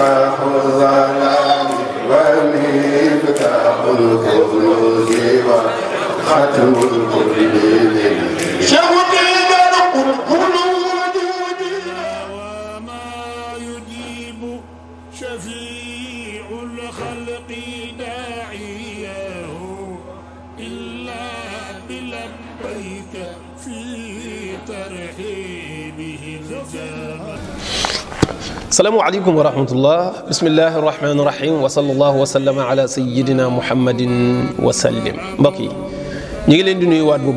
مفتاح الظلام والمفتاح الكفر ختم السلام عليكم ورحمة الله بسم الله الرحمن الرحيم وصلى الله وسلم على سيدنا محمد وسلم بقي نيجي لين دوني واد بو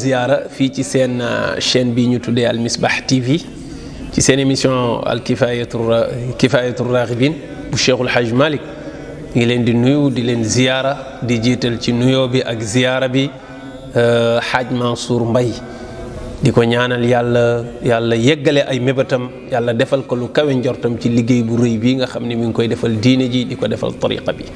زياره في تي سين شين بي ني تودي تي في تي سين الكفايه الر... كفايه الراغبين بو شيخ مالك نيجي لين دي زياره دي جيتال تي نويو منصور مبي di ko ñaanal yàlla yàlla yeggale ay mébatam yàlla defal ko lu kawe njortam ci liggéey bu rëy bii nga xam ne mu ngi koy defal diine ji di ko defal tariqa bi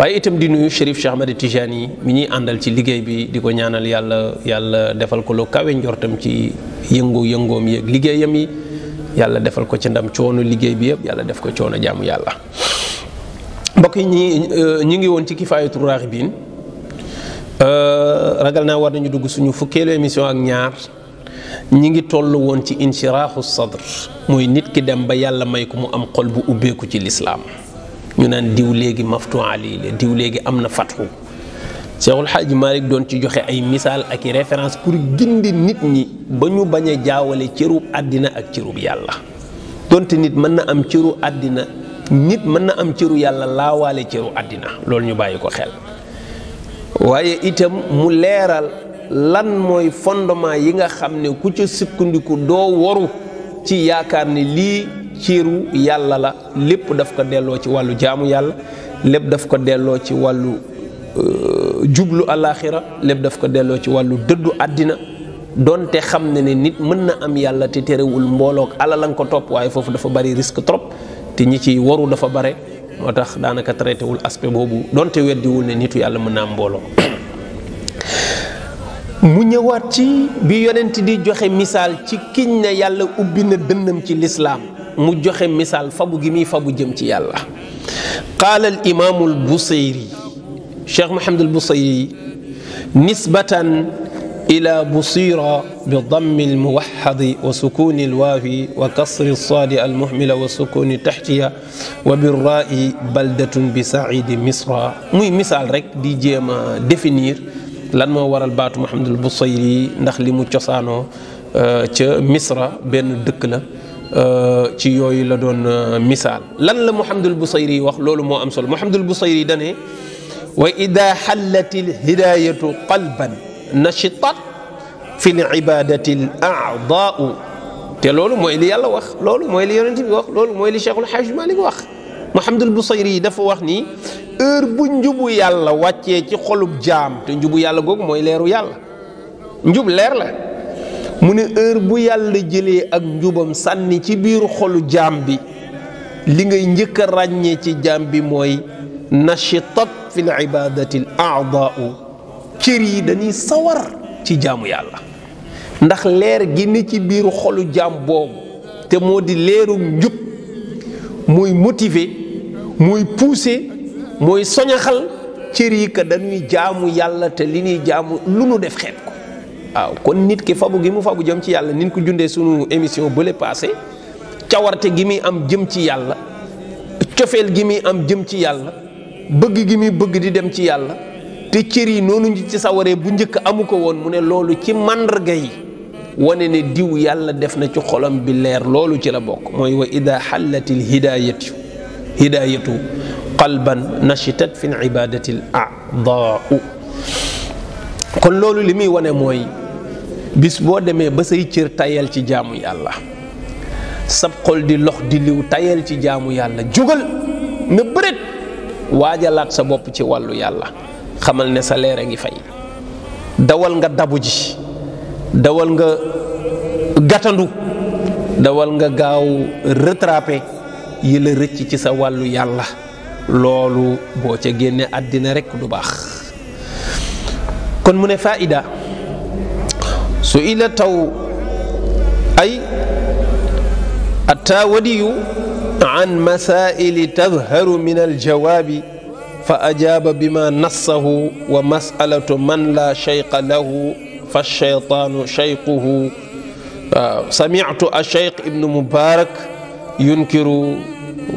waaye itam di nuyu Chérif Cheikh Ahmed Tijani yi mi ñuy àndal ci liggéey bi di ko ñaanal yàlla yàlla defal ko lu kawe njortam ci yëngu yëngoom yeeg liggéeyam yi yàlla defal ko ci ndam coono liggéey bi yëpp yàlla def ko coono jaamu yàlla mbokk yi ñi ñi ngi woon ci kifaayatu raaxibiin ragal naa war nañu dugg suñu fukkeelu émission ak ñaar ñi ngi toll woon ci inshiraaxu sadr mooy nit ki dem ba yàlla may ko mu am xol bu ubbeeku ci lislaam ñu naan diw léegi maftu ali la diw léegi am na fatxu Seexul Xaaji Maalik doon ci joxe ay misaal ak i référence pour gindi nit ñi ba ñu bañ a jaawale cërub àddina ak cëru yàlla donte nit mën na am cëru àddina nit mën na am cëru yàlla laawaale cëru àddina loolu ñu bàyyi ko xel waaye itam mu leeral lan mooy fondement yi nga xam ne ku ci sukkandiku doo waru ci yaakaar ni lii ciiru yàlla la lépp daf ko delloo ci wàllu jaamu yàlla lépp daf ko delloo ci wàllu euh, jublu alaxira lépp daf ko delloo ci wàllu dëddu àddina doonte xam ne ne nit mën na am yàlla te terewul mbooloog ala la nga ko topp waaye foofu dafa bari risque trop te ñi ciy waru dafa bare moo tax daanaka traité wul aspect boobu donte weddiwul ne nitu yàlla mën na am mbooloo mu ñëwaat ci bi yonent di joxe misaal ci kiñ ne yàlla ubbi na dënnam ci lislaam mu joxe misaal fabu gi muy fabu jëm ci yàlla qaala al imaamu al busayri cheikh mohamad al busayri nisbatan إلى بصيرة بضم الموحد وسكون muwaxadi وكسر الصاد المهملة وسكون تحتها وبالراء بلدة بسعيد مصر مي مثال رك دي جيما ديفينير lan moo waral baatu Mouhamadul Busayri ndax li mu cosaanoo ca Misra benn dëkk la ci yooyu la doon misaal lan la Mouhamadul Busayri wax loolu moo am solo Mouhamadul Busayri dane wa ida xallatil hidayatu qalban nashitat fi l ibadati l aadaau te loolu mooy li yàlla wax loolu mooy li yonent bi wax loolu mooy li Cheikhul Xaaj Malik wax Mouhamadul Busayri dafa wax ni heure bu njubu yàlla wàccee ci xolub jaam te njubu yàlla googu mooy leeru yàlla njub leer la mu ne heure bu yàlla jëlee ak njubam sànni ci biiru xolu jaam bi li ngay njëkk ràññee ci jaam bi mooy nachitat fi l ibadati l aadaau cër yi dañuy sawar ci jaamu yàlla ndax leer gi ni ci biiru xolu jaam boobu te moo di leeru njub mooy motiver mooy pousser mooy soñaxal cër yi que dañuy jaamu yàlla te li ñuy jaamu lu nu def xeeb ko waaw kon nit ki fabu gi mu fabu jëm ci yàlla nin ko jundee sunu émission bële passé cawarte gi muy am jëm ci yàlla cofeel gi muy am jëm ci yàlla bëgg gi muy bëgg di dem ci yàlla te cër yi noonu ñu ci sawaree bu njëkk amu ko woon mu ne loolu ci màndarga yi wane ne diw yàlla def na ci xolam bi leer loolu ci la bokk mooy wa ida xallatil hidaayatu hidaayatu qalban nashitat fi ibadati l adaa kon loolu li muy wane mooy bis boo demee ba say cër tayal ci jaamu yàlla sab xol di lox di liw tayal ci jaamu yàlla jógal na bëreet waajalaat sa bopp ci wàllu yàlla xamal ne sa leer a ngi fay dawal nga dabu ji dawal nga gatandu dawal nga gaaw rattrapé yi la rëcc ci sa wàllu yàlla loolu boo ca génne àddina rekk du baax kon mu ne faida su ila taw ay attaawadiyu an masaili tadharu min aljawaabi fa bima nassahu wa masalatu man la cheyqa lahu fa cheytaanu cheyquhu waaw a cheikh ibnu mubarak yunkiru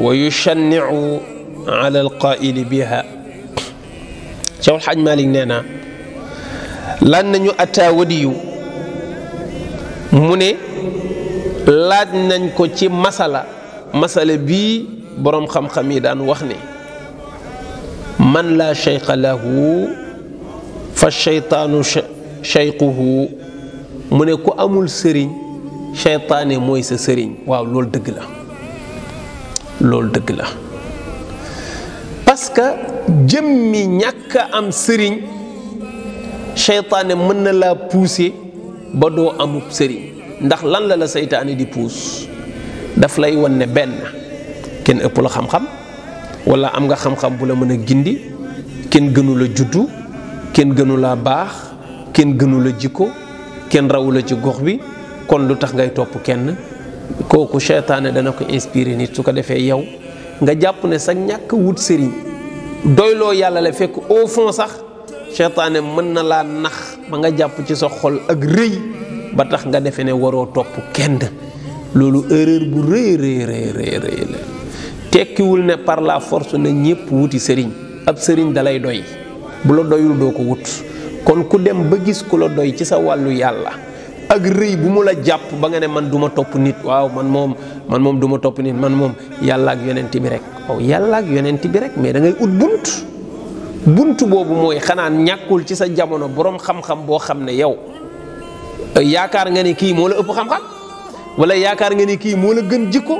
wa yuchanniu ala alqaili biha Cheikh Alxaaj Malik nee na laaj nañu ataa mu ne laaj nañ ko ci masala masala bii boroom xam yi daan wax ne man laa cheyqa lahu fa cheytaanu mu ne ku amul sëriñ cheytaane mooy sa sëriñ waaw loolu dëgg la loolu dëgg la parce que jëmmi am sëriñ seytaane mën na laa pousser ba doo amub sëriñ ndax lan la la seytaane di puus daf lay won ne ken kenn ëpp la xam-xam wala am nga xam-xam bu la mën gindi ken gënu la juddu ken gënu la bah ken gënu la jikko ken rawu la ci gox bi kon lu ngay topp kenn kooku seytaane dana ko inspiri nit su ko defee yow nga jàpp ne sa ñàkk wut sëriñ doyloo yàlla la fekk au fond sax seytaane mën na laa nax ba nga jàpp ci sa xol ak rëy ba tax nga defe ne waroo topp kenn loolu erreur bu rëy rëy rëy rëy tekkiwul ne par la force na ñépp wuti sëriñ ab sëriñ dalay doy bu la doyul doo ko wut kon ku dem ba gis ku la doy ci sa wàllu yàlla ak rëy bu mu la jàpp ba nga ne man duma topp nit waaw man moom man moom du topp nit man moom yàlla ak yonent bi rek waaw yàlla ak yonent bi rek mais dangay ut bunt bunt boobu mooy xanaa ñàkkul ci sa jamono boroom xam-xam boo xam ne yow yaakaar nga ne kii moo la ëpp xam-xam wala yaakaar nga ne kii moo la gën jikko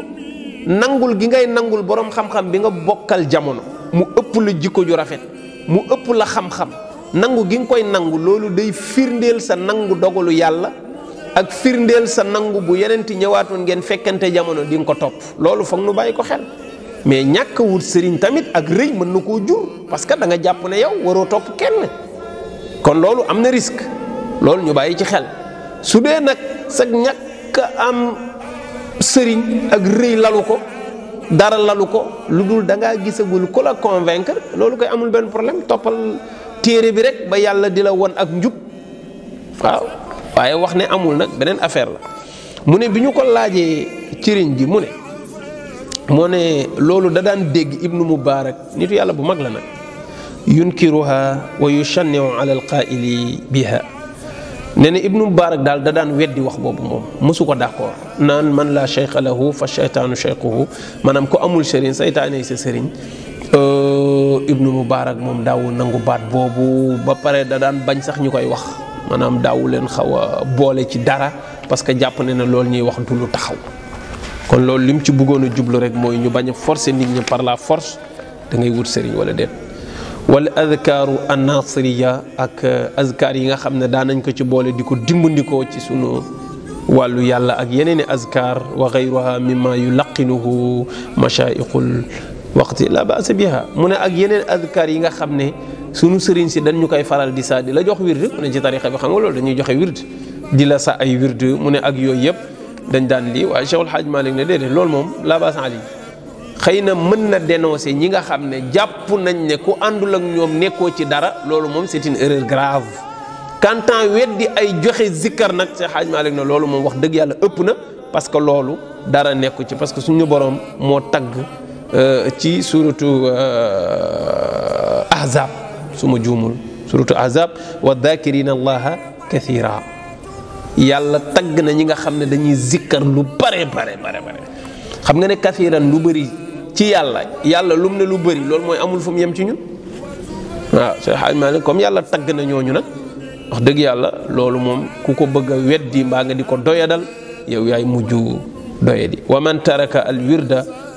nangul gi ngay nangul boroom xam-xam bi nga bokkal jamono mu ëpp la jikko ju rafet mu ëpp la xam-xam nangu gi nga koy nangu loolu day firndeel sa nangu dogalu yàlla ak firndel sa nangu bu yenenti ñëwaatoon ngeen fekkante jamono di ko top lolu foog nu bayiko xel mais ñak wut serigne tamit ak rëy mën nako jur parce que da nga japp ne yow waro top kenn kon lolu amne risk risque lolu ñu bayyi ci xel su am serigne ak rëy lalu ko dara lalu ko lu da nga gisagul ko la convaincre koy amul ben problème topal téré bi rek ba yalla dila won ak njub waaw waaye wax ne amul nag beneen affaire la mu ne bi ñu ko laajee cëriñ bi mu ne moo ne loolu da daan dégg ibnu mubaarak nitu yàlla bu mag la nag yunkiruha wa yushanniu ala alqaili biha ne na ibnu mubaarak daal da daan weddi wax boobu moom mësu ko d'accord naan man laa cheikha lahu fa cheytaanu cheikhuhu maanaam ku amul sëriñ saytaane sa sëriñ euh, ibnu mubaarak moom daawul nangu baat boobu ba pare da daan bañ sax ñu koy wax maanaam daawu leen xaw a boole ci dara parce que jàpp ne na loolu ñuy wax du lu taxaw kon loolu lim ci bëggoon a jublu rek mooy ñu bañ a forcer nit ñi par la force da ngay wut sëriñ wala déet wala azkaaru annasriya ak euh, azkaar yi nga xam ne daan nañ ko ci boole di ko dimbandikoo ci suñu wàllu yàlla ak yeneen i azkaar wa gayruha mimma yulaqinuhu mashaayiqul waqti la baasa biha mu ne ak yeneen azkaar yi nga xam ne sunu sëriñ si dañ ñu koy faral di saa di la jox wird mu ne ci tarixa bi xam nga loolu dañuy joxe wird di la sa ay wird mu ne ak yooyu yëpp dañ daan lii waaye Cheikhul Hadj Malick ne déedéet loolu moom laabaasan ali xëy na mën na dénoncer ñi nga xam ne jàpp nañ ne ku àndul ak ñoom nekkoo ci dara loolu moom c'est une erreur grave quant à weddi ay joxe zikkar nag xaaj maa Malick na loolu moom wax dëgg yàlla ëpp na parce que loolu dara nekku ci parce que suñu borom moo tagg euh, ci suratu euh, ahzab su ma juumul suratu azab wa dakirina allaha kathira yàlla tagg na ñi nga xam ne dañuy zikkar lu bare bare bare bare xam nga ne kathiran lu bari ci yàlla yàlla lu mu ne lu bari loolu mooy amul fu mu yem ci ñun waaw Cheikh Hadj Malick comme yàlla tagg na ñooñu nag wax dëgg yàlla loolu moom ku ko bëgg a weddi mbaa nga di ko doyadal yow yaay mujj doyadi wa man taraka al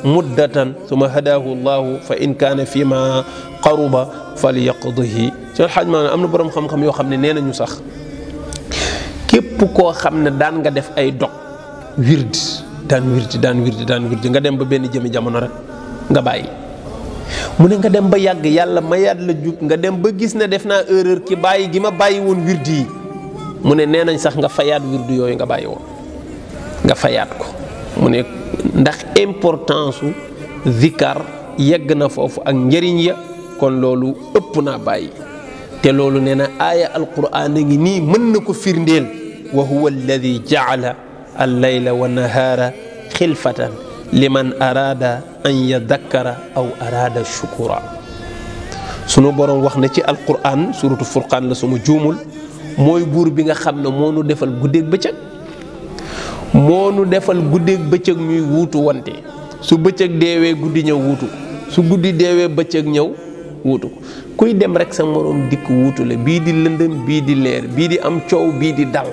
muddatan suma hadahu allah fa in fi fima qaruba falyaqdihi ci xaj maanaam am na borom xam-xam yo xam ne nee sax kep ko xamne dan daan nga def ay dog wird daan wird daan wird daan wird nga dem ba ben jëmi jamono rek nga bayyi mu ne nga dem ba yàgg yàlla mayaat la juk nga dem ba gis ne def erreur ki bayyi gi ma bayyi won wird yi mu ne nee sax nga fayaat wird yoy nga bayyi won nga fayaat ko mu ne ndax importance u zikar yegg na foofu ak njëriñ ya kon loolu ëpp naa bàyyi te loolu nee na aaya alquran a ngi nii mën na ko firndeel wa huwa alladi jaala allayla wa nahaara xilfatan liman arada an yadakkara aw arada shukura sunu borom wax na ci alquran suratu furqaan la suma juumul mooy buur bi nga xam ne moo nu defal guddeeg bëccëg moo nu defal guddeeg bëccëg ñuy wuutu wante su bëccëg deewee guddi ñëw wuutu su guddi deewee bëccëg ñëw wuutu kuy dem rekk sa moroom dikk wuutu la bii di lëndëm bii di leer bii di am coow bii di dal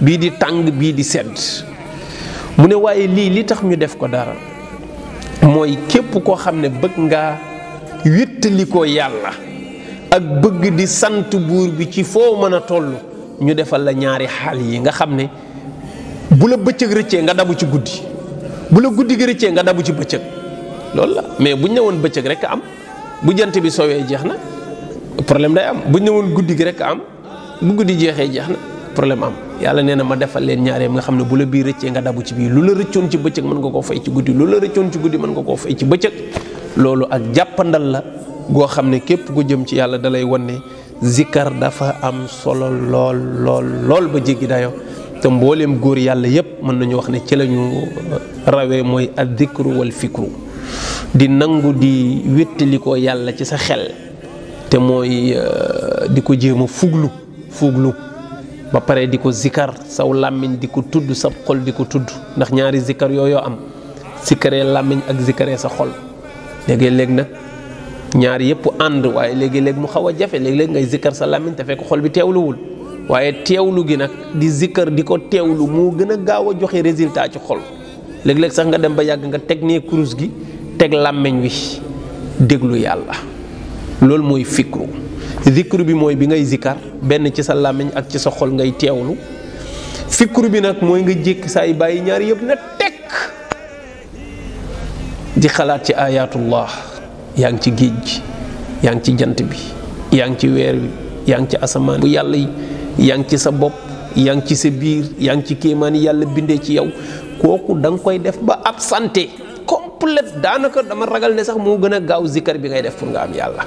bii di tàng bii di sedd mu ne waaye lii li tax ñu def ko dara mooy képp koo xam ne bëgg nga wéttali ko yàlla ak bëgg di sant buur bi ci foo mën a toll ñu defal la ñaari xaal yi nga xam ne bu la bëccëg rëccee nga dabu ci guddi bu la guddi gi rëccee nga dabu ci bëccëg loolu la mais bu ñu bëccëg rek am bu jant bi soowee jeex na problème day am bu ñu ne guddi gi rek am bu guddi jeexee jeex na problème am yàlla nee na ma defal leen ñaareem nga xam ne bu la bii rëccee nga dabu ci bii lu la rëccoon ci bëccëg mën koo fay ci guddi lu la rëccoon ci guddi mën nga koo fay ci bëccëg loolu ak jàppandal la goo xam ne képp ku jëm ci yàlla dalay wan ne zikkar dafa am solo lool lool lool ba jéggi te mbooleem góor yàlla yépp mën nañu wax ne ci lañu euh, rawee mooy addikru wal fikru di nangu di wéttali ko yàlla ci sa xel te mooy euh, di ko jéem a fuglu fuglu ba pare di ko zikar saw làmmiñ di ko tudd sa xol di ko tudd ndax ñaari zikar yooyu am zikaree làmmiñ ak zikaree sa xol léegi-léeg nag ñaar yépp ànd waaye léegi-léeg mu xaw a jafe léegi-léeg ngay zikar sa làmmiñ te fekk xol bi teewluwul waaye teewlu gi nag di zikkër di ko teewlu moo gën a gaaw a joxe résultat ci xol léeg-léeg sax nga dem ba yàgg nga teg nee kurus gi teg làmmiñ wi déglu yàlla loolu mooy fikru zikru bi mooy bi ngay zikkar benn ci sa làmmiñ ak ci sa xol ngay teewlu fikru bi nag mooy nga jékki saay bàyyi ñaar yëpp na teg di xalaat ci ayatullah yaa ngi ci géej gi yaa ngi ci jant bi yaa ngi ci weer wi yaa ngi ci asamaan bi yàlla yi yaa ngi ci sa bopp yaa ngi ci sa biir yaa ngi ci kéemaani yàlla bindee ci yow kooku da nga koy def ba absenté complète daanaka dama ragal ne sax moo gën a gaaw zikkar bi ngay def pour nga am yàlla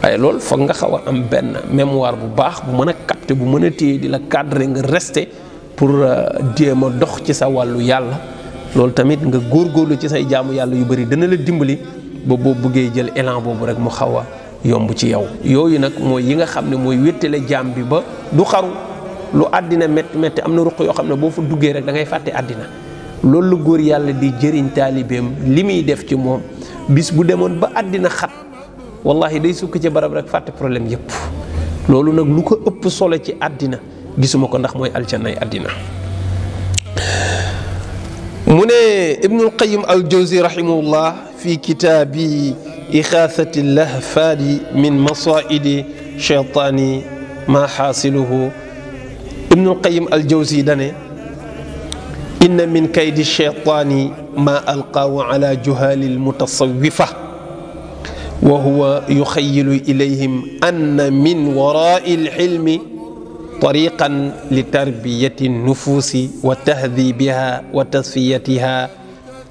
waaye loolu foog nga xaw a am benn mémoire bu baax bu mën a capter bu mën a téye di la cadrer nga rester pour euh, jéem a dox ci sa wàllu yàlla loolu tamit nga góor góorlu ci say jaamu yàlla yu bari dana la dimbali ba boo buggee jël élan boobu rek mu xaw a yomb ci yow yooyu nag mooy yi nga xam ne mooy wéttale jaam bi ba du xaru lu àddina métti métti am na ruq yoo xam ne boo fa duggee rek da ngay fàtte àddina loolu lu góor yàlla di jëriñ taalibeem li muy def ci moom bis bu demoon ba àddina xat wallahi day sukk ci barab rek fàtte problème yépp loolu nag lu ko ëpp sole ci àddina gisuma ko ndax mooy aljanay àddina mu ne ibnul qayim al jawzi fi kitaabi إخاثة اللهفان من مصائد شيطان ما حاصله ابن القيم الجوزي دني إن من كيد الشيطان ما ألقاه على جهال المتصوفة وهو يخيل إليهم أن من وراء الحلم طريقا لتربية النفوس وتهذيبها وتصفيتها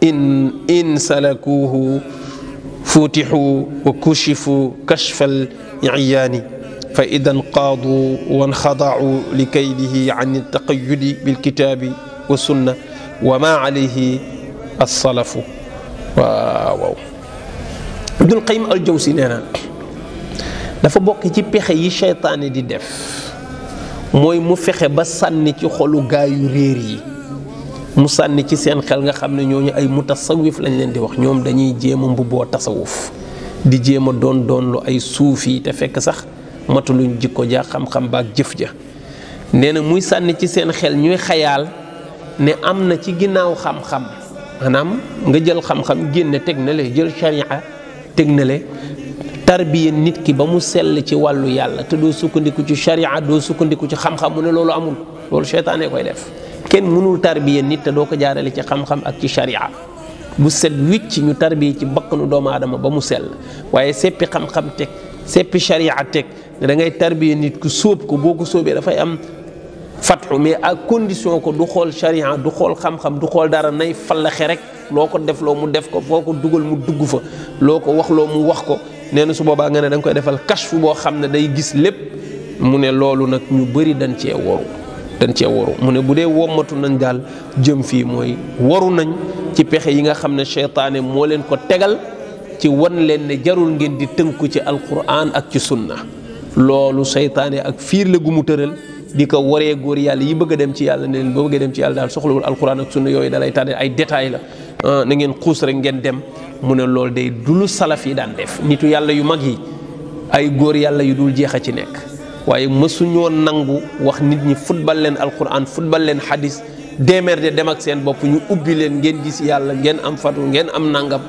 إن إن سلكوه فتحوا وكشفوا كشف العيان فإذا انقاضوا وانخضعوا لكيده عن التقيد بالكتاب والسنة وما عليه الصلف واو ابن القيم الجوسي نانا دا فا بوكي تي بيخي شيطان دي ديف موي مو فخي با ساني تي خولو غايو ريري mu sànni ci seen xel nga xam ne ñooñu ay mutasawif lañ leen di wax ñoom dañuy jéem a mbubboo tasawuf di jéem a doon doon lu ay suuf yi te fekk sax matuluñ jikko ja xam-xam baak jëf ja nee na muy sànni ci seen xel ñuy xayaal ne am na ci ginnaaw xam-xam maanaam nga jël xam-xam génne teg na le jël sharia teg na le tarbiya nit ki ba mu sell ci wàllu yàlla te doo sukkandiku ci sharia doo sukkandiku ci xam-xam mu ne loolu amul loolu seytaane koy def kenn mënul tarbiya nit te doo ko jaarale ci xam-xam ak ci sharia bu set wicc ñu tarbiya ci bakkanu doomu aadama ba mu sell waaye seppi xam-xam teg seppi sharia teg da ngay tarbiya nit ku sóob ko boo ko sóobee dafay am fatxu mais ak condition ko du xool sharia du xool xam-xam du xool dara nay fallaxe rek loo ko def loo mu def ko foo ko dugal mu dugg fa loo ko wax loo mu wax ko nee na su boobaa nga ne da nga koy defal fu boo xam ne day gis lépp mu ne loolu nag ñu bëri dañ cee woru dañ cee waru mu ne bu dee wommatu nañ daal jëm fii mooy waru nañ ci pexe yi nga xam ne seytaane moo leen ko tegal ci wan leen ne jarul ngeen di tënku ci alquran ak ci sunna loolu seytaane ak fiir la gu mu tëral di ko waree góor yàlla yi bëgg a dem ci yàlla ne leen boo bëggee dem ci yàlla daal soxlawul alquran ak sunna yooyu dalay tànne ay détails la ah, na ngeen xuus rek ngeen dem mu ne loolu de du lu salaf yi daan def nitu yàlla yu mag yi ay góor yàlla yu dul jeex a ci nekk waaye mësuñoo nangu wax nit ñi football leen alquran football leen hadis Demer dem ak seen bop ñu ubbi leen ngeen gis yalla ngeen am fatu ngeen am nangam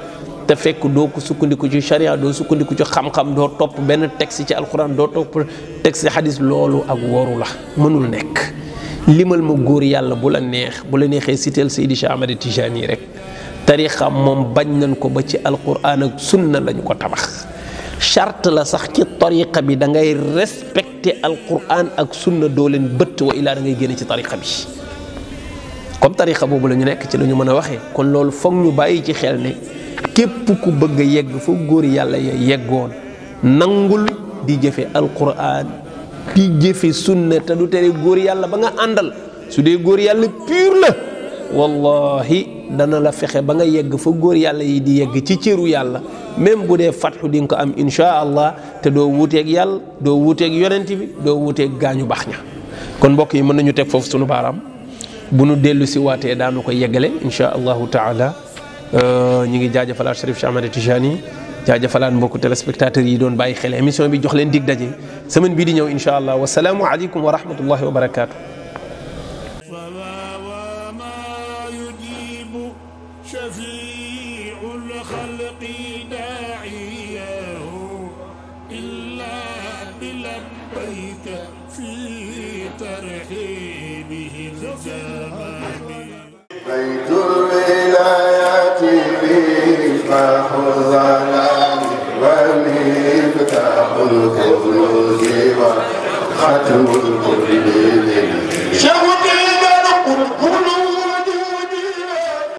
te fekk do ko sukkandiku ci sharia do sukkandiku ci xam-xam do top ben texte ci alquran do top texte hadis loolu ak woru la mënul nek limal mo goor yalla bu la neex bu la neexé siteel saydi ahmad tijani rek tarixa mom bañ nañ ko ba ci alquran ak sunna lañ ko tabax charte la sax ci tariqa bi da ngay respect bette alquran ak sunna doo leen bëtt wa illaa da ngay génne ci tariqa bi comme tarixa boobu lañu nekk ci la mën a waxee kon loolu foog ñu bàyyi ci xel ne képp ku bëgg a yegg fa góor yàlla ya yeggoon nangul di jëfe alquran di jëfe sunna te du tere góor yàlla ba nga àndal su dee góor yàlla pur la wallahi dana la fexe ba nga yegg fa góor yàlla yi di yegg ci cëru yàlla même bu dee fatxu di nga ko am insha allah te doo wuuteeg yàlla doo wuuteeg yonent bi doo wuuteeg gaañu baax ña kon mbokk yi mën nañu teg foofu sunu baaraam bu nu dellu si waatee daanu ko yeggale insha allahu taala euh, ñu ngi jaajëfalaat Cherif Cheikh Ahmed Tijani jaajëfalaat mbokku téléspectateurs yi doon bàyyi xel émission bi jox leen dig daje semaine bii di ñëw insha allah wasalaamu aleykum wa rahmatullahi wa barakaatu. الخلق داعياه إلا بلبيك في ترحيبه الزمان بيت الولايات فيه الظلام ومفتاح الخلود وختم الكل شهوة